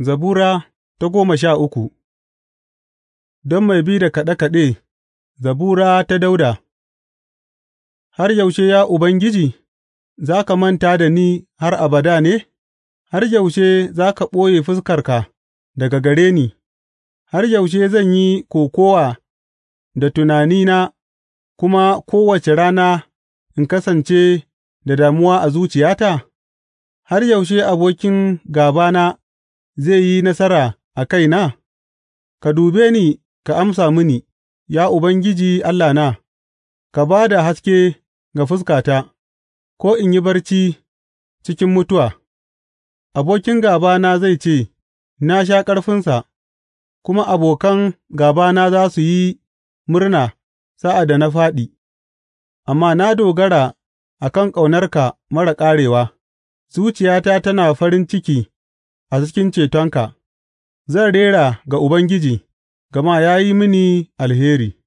Zabura ta goma sha uku Don mai bi da kaɗe kaɗe, zabura ta Dauda Har yaushe, ya Ubangiji, za ka manta da ni har abada ne, har yaushe za ka ɓoye fuskarka daga gare ni, har yaushe zan yi kokowa da tunanina kuma kowace rana in kasance da damuwa a zuciyata? Har yaushe abokin gabana zai yi nasara a kaina? Ka dube ni ka amsa mini, ya Ubangiji Allahna; ka ba da haske ga fuskata, ko in yi barci cikin mutuwa, abokin gābana zai ce, Na sha ƙarfinsa, kuma abokan gābana za su yi murna sa'ad da na fāɗi, amma na dogara a kan ƙaunarka mara ƙarewa, zuciyata tana farin ciki. a cikin cetonka; zan rera ga Ubangiji, gama ya yi mini alheri.